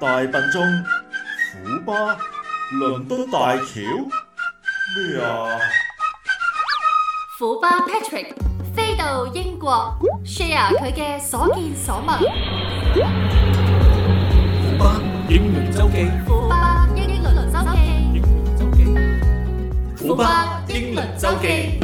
大笨鐘、虎巴、倫敦大橋，咩啊？虎巴 Patrick 飛到英國，share 佢嘅所見所聞。虎巴英倫周記，虎巴英倫倫周記，虎巴英倫周記。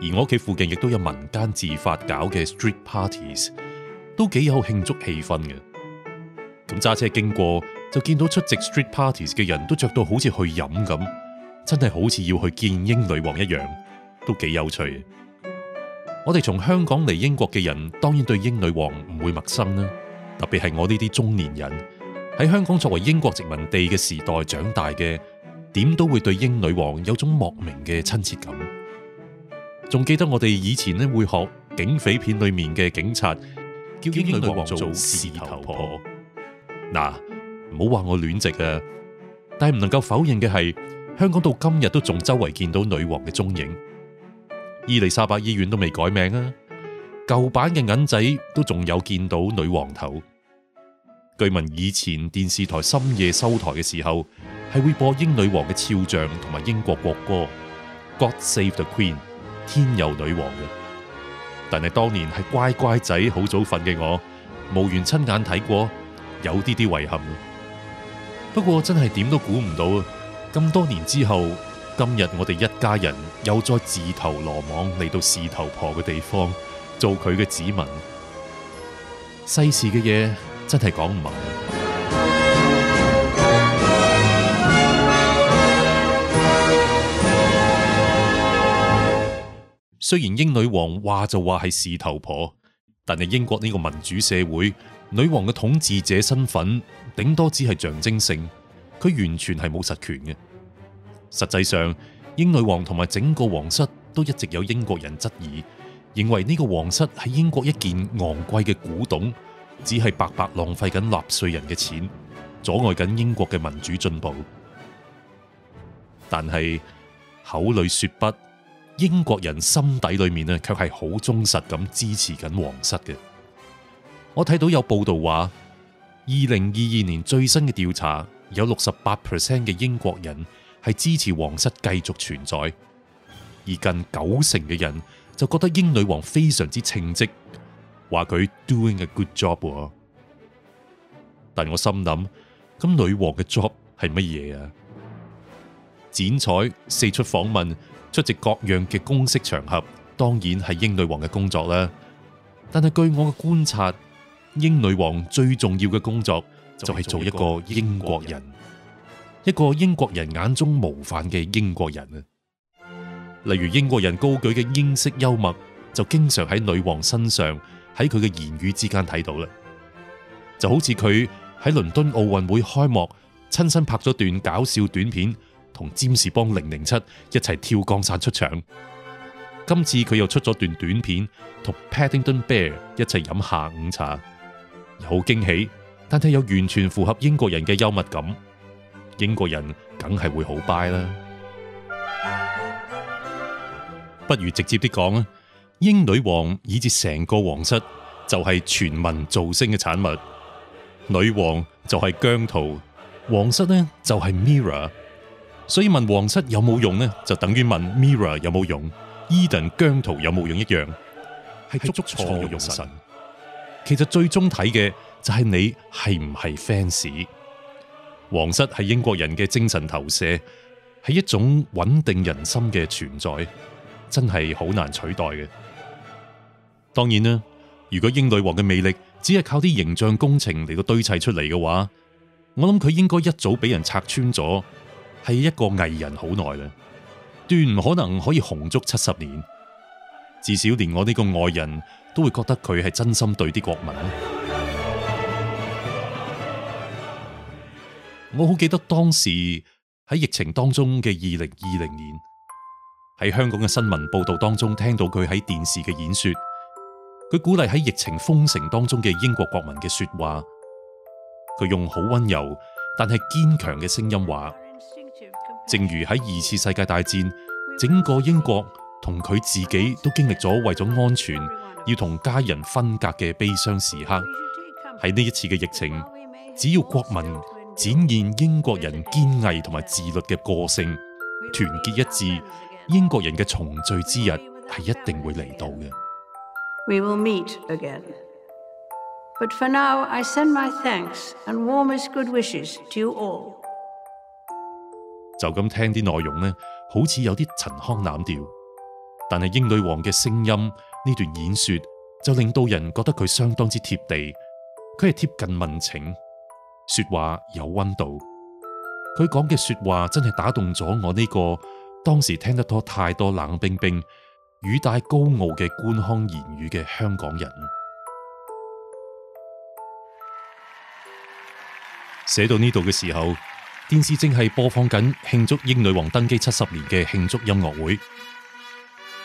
而我屋企附近亦都有民間自發搞嘅 street parties，都幾有慶祝氣氛嘅。咁揸車經過就見到出席 street parties 嘅人都着到好似去飲咁，真係好似要去見英女王一樣，都幾有趣。我哋從香港嚟英國嘅人，當然對英女王唔會陌生啦。特別係我呢啲中年人喺香港作為英國殖民地嘅時代長大嘅，點都會對英女王有種莫名嘅親切感。仲記得我哋以前咧會學警匪片裏面嘅警察叫英，英女王做事頭婆，嗱，唔好話我亂直啊！但係唔能夠否認嘅係，香港到今日都仲周圍見到女王嘅蹤影。伊利沙伯醫院都未改名啊，舊版嘅銀仔都仲有見到女王頭。據聞以前電視台深夜收台嘅時候，係會播英女王嘅肖像同埋英國國歌《God Save the Queen》。天佑女王嘅，但係當年係乖乖仔，好早瞓嘅我，無緣親眼睇過，有啲啲遺憾。不過真係點都估唔到，咁多年之後，今日我哋一家人又再自投羅網嚟到事頭婆嘅地方，做佢嘅子民。世事嘅嘢真係講唔埋。雖然英女王話就話係事頭婆，但係英國呢個民主社會，女王嘅統治者身份頂多只係象徵性，佢完全係冇實權嘅。實際上，英女王同埋整個皇室都一直有英國人質疑，認為呢個皇室係英國一件昂貴嘅古董，只係白白浪費緊納稅人嘅錢，阻礙緊英國嘅民主進步。但係口裏說不。英國人心底裏面啊，却係好忠實咁支持緊皇室嘅。我睇到有報道話，二零二二年最新嘅調查有六十八 percent 嘅英國人係支持皇室繼續存在，而近九成嘅人就覺得英女王非常之稱職，話佢 doing a good job。但我心諗，咁女王嘅 job 係乜嘢啊？剪彩四出訪問。出席各樣嘅公式場合，當然係英女王嘅工作啦。但係據我嘅觀察，英女王最重要嘅工作就係做，做一個英國人，一個英國人眼中模範嘅英國人啊。例如英國人高舉嘅英式幽默，就經常喺女王身上，喺佢嘅言語之間睇到啦。就好似佢喺倫敦奧運會開幕，親身拍咗段搞笑短片。同占士邦零零七一齊跳降傘出場，今次佢又出咗段短片，同 Paddington Bear 一齊飲下午茶，好驚喜！但係又完全符合英國人嘅幽默感，英國人梗係會好 buy 啦。不如直接啲講啊，英女王以至成個皇室就係全民造星嘅產物，女王就係姜濤，皇室呢就係 Mirror。所以問皇室有冇用呢？就等於問 Mirror 有冇用，Eden 姜濤有冇用一樣，係捉錯用神。其實最終睇嘅就係你係唔係 fans。皇室係英國人嘅精神投射，係一種穩定人心嘅存在，真係好難取代嘅。當然啦，如果英女王嘅魅力只係靠啲形象工程嚟到堆砌出嚟嘅話，我諗佢應該一早俾人拆穿咗。係一個藝人好耐啦，斷唔可能可以紅足七十年，至少連我呢個外人都會覺得佢係真心對啲國民。 我好記得當時喺疫情當中嘅二零二零年，喺香港嘅新聞報道當中聽到佢喺電視嘅演說，佢鼓勵喺疫情封城當中嘅英國國民嘅說話，佢用好溫柔但係堅強嘅聲音話。正如喺二次世界大戰，整個英國同佢自己都經歷咗為咗安全要同家人分隔嘅悲傷時刻。喺呢一次嘅疫情，只要國民展現英國人堅毅同埋自律嘅個性，團結一致，英國人嘅重聚之日係一定會嚟到嘅。We will meet again. But for now, I send my thanks and warmest good wishes to you all. 就咁聽啲內容呢，好似有啲陳腔濫調。但係英女王嘅聲音，呢段演說，就令到人覺得佢相當之貼地，佢係貼近民情，說話有溫度。佢講嘅說話真係打動咗我呢個當時聽得多太多冷冰冰、語帶高傲嘅官腔言語嘅香港人。寫到呢度嘅時候。電視正係播放緊慶祝英女王登基七十年嘅慶祝音樂會，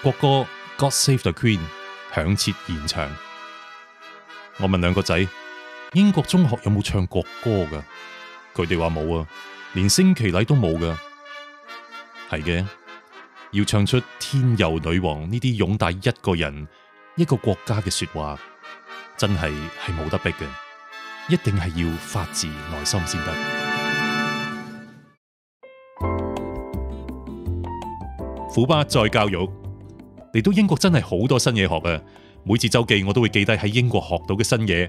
國歌《God Save the Queen》響徹現場。我問兩個仔：英國中學有冇唱國歌噶？佢哋話冇啊，連升旗禮都冇噶。係嘅，要唱出天佑女王呢啲擁戴一個人、一個國家嘅說話，真係係冇得逼嘅，一定係要發自內心先得。虎巴再教育，嚟到英國真係好多新嘢學啊！每次周記我都會記低喺英國學到嘅新嘢。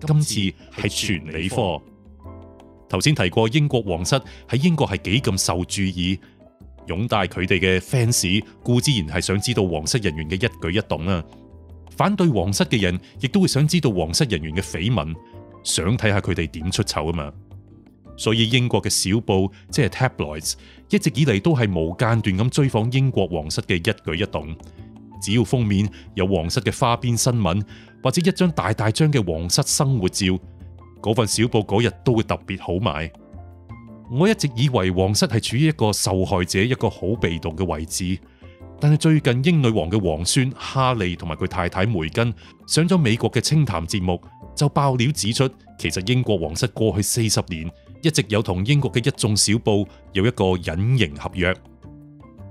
今次係全理科。頭先提過英國皇室喺英國係幾咁受注意，擁戴佢哋嘅 fans，固之然係想知道皇室人員嘅一舉一動啊。反對皇室嘅人亦都會想知道皇室人員嘅緋聞，想睇下佢哋點出醜啊嘛。所以英國嘅小報即係 tabloids，一直以嚟都係無間斷咁追訪英國皇室嘅一舉一動。只要封面有皇室嘅花邊新聞，或者一張大大張嘅皇室生活照，嗰份小報嗰日都會特別好買。我一直以為皇室係處於一個受害者、一個好被動嘅位置，但係最近英女王嘅皇孫哈利同埋佢太太梅根上咗美國嘅清談節目，就爆料指出，其實英國皇室過去四十年，一直有同英國嘅一眾小報有一個隱形合約，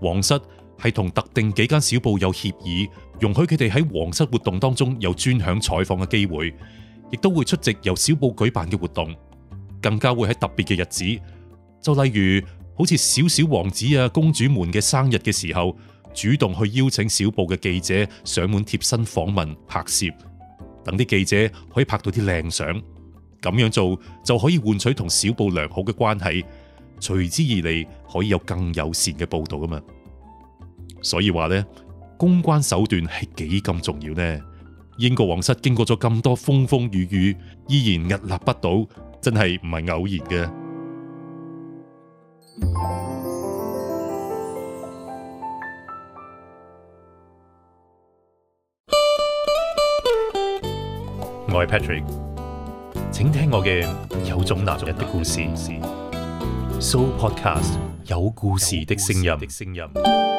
皇室係同特定幾間小報有協議，容許佢哋喺皇室活動當中有專享採訪嘅機會，亦都會出席由小報舉辦嘅活動，更加會喺特別嘅日子，就例如好似小小王子啊公主們嘅生日嘅時候，主動去邀請小報嘅記者上門貼身訪問拍攝，等啲記者可以拍到啲靚相。咁樣做就可以換取同小布良好嘅關係，隨之而嚟可以有更友善嘅報道啊嘛。所以話呢，公關手段係幾咁重要呢？英國皇室經過咗咁多風風雨雨，依然屹立不倒，真係唔係偶然嘅。我係 Patrick。請聽我嘅有種男人的故事，的故事，So Podcast 有故事的聲音。